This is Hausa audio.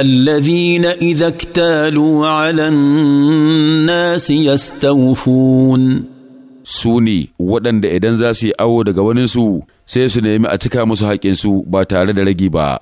الذين اذا اكتالوا على الناس يستوفون su ne waɗanda idan za su yi awo daga waninsu sai su nemi a cika musu haƙinsu ba tare da ragi ba